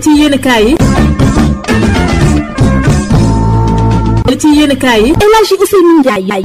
ci yéenekaay yi ci yéenekaay yi El Hadji Ousseynou Ndiaye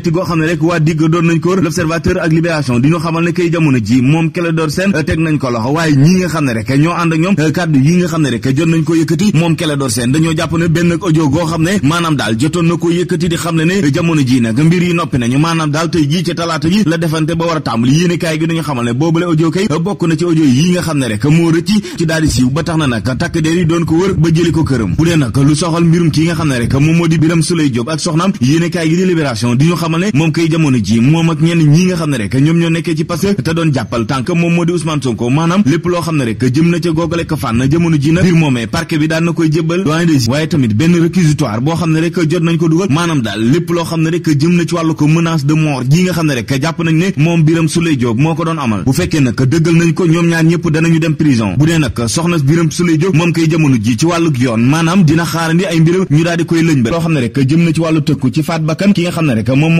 metti xam ne rek waa digg doon nañ ko l'observateur ak libération di ñu xamal ne kay jamono ji moom Clédor Sène eh, teg nañ ko loxo waaye ñi nga xam ne rek ñoo ànd ak ñoom eh, ko yëkkati moom Clédor Sène dañoo jàpp ne benn audio goo xam ne maanaam daal na maanaam daal tey jii ci talaata ji la defante ba war a tàmbali yéenekaay gi dañu xamal ne boobule audio kay bokk na ci audio yi nga xam ne rek moo rëcc ci daal siiw ba tax na nag takk der yi doon ko wër ba jëli ko këram bu dee nag lu soxal mbirum ki nga xam ne rek moom moo di Birame Souleye Diop ak soxnaam yéenekaay gi di libération di ñu xam xamal ne moom kay jamono ji moom ak ñenn ñi nga xam ne rek ñoom ñoo nekkee ci passé te doon jàppal tànk moom moo di Ousmane Sonko maanaam lépp loo xam ne rek jëm na ca googale ko fànn jamono ji nag mbir moomee parquet bi daan na koy jébbal doyen des waaye tamit benn réquisitoire boo xam ne rek jot nañ ko dugal maanaam daal lépp loo xam ne rek jëm na ci wàllu ko menace de mort ji nga xam ne rek jàpp nañ ne moom Biram Souleye Diop moo ko doon amal bu fekkee nag dëggal nañ ko ñoom ñaar ñëpp danañu dem prison bu dee nag soxna Biram Souleye Diop moom kay jamono ji ci wàllu yoon maanaam dina xaarandi ay mbiram ñu daal di koy lëñ ba loo xam ne rek jëm na ci wàllu tëkku ci faat bakkan ki nga xam ne rek moom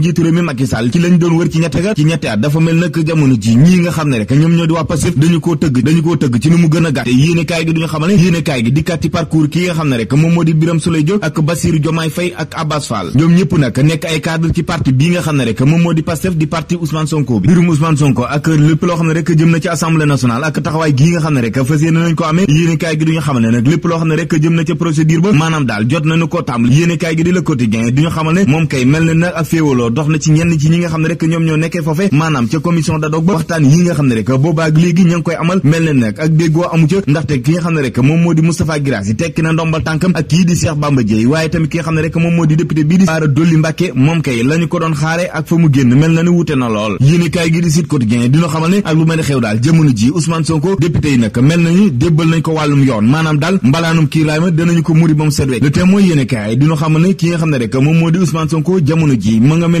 njiitu réew mi Macky Sall ci nekk ay cadre ci parti bii nga xam ne rek moom moo di Pastef di parti Ousmane Sonko bi birum Ousmane Sonko ak lépp loo xam ne rek jëm na ci assemblée nationale ak taxawaay gi nga xam ne rek fas yéene nañ ko amee yéene gi duñu xamal ne nag lépp loo xam ne rek jëm na ca procédure ba maanaam daal jot nañu koo tàmbali yéene kaay gi di la quotidien duñu xamal ne moom kay mel na nag ak féewaloo dox na ci ñenn ci ñi nga xam ne rek ñoom ñoo nekkee foofe maanaam ca commission d' ba waxtaan yi nga xam ne rek boobaak léegi ña koy amal mel na nag ak déggoo amu ca ndaxte ki di xew daal jamono ji Ousmane Sonko député yi nag mel nañu débbal nañ ko wàllum yoon maanaam daal mbalaanum kiiraay ma danañu ko muri ba mu set wecc le Témoin yéenekaay dina xamal ne ki nga xam ne rek moom moo di Ousmane Sonko jamono ji ma nga mel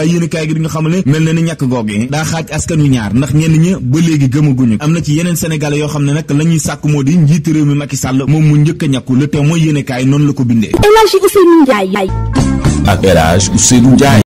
waaye yéen kaay gi di nga xam ne mel na ni ñàkk googu daa xaaj askanu ñaar ndax ñenn ña ba léegi gëmaguñu am na ci yeneen sénégalais yoo xam ne nag la ñuy sàkk moo di njiitu réew mi i sàll moom mu njëkk a ñàkku le Témoin yéen kaay noonu la ko bindee. ak El Hadj Ousseynou Ndiaye.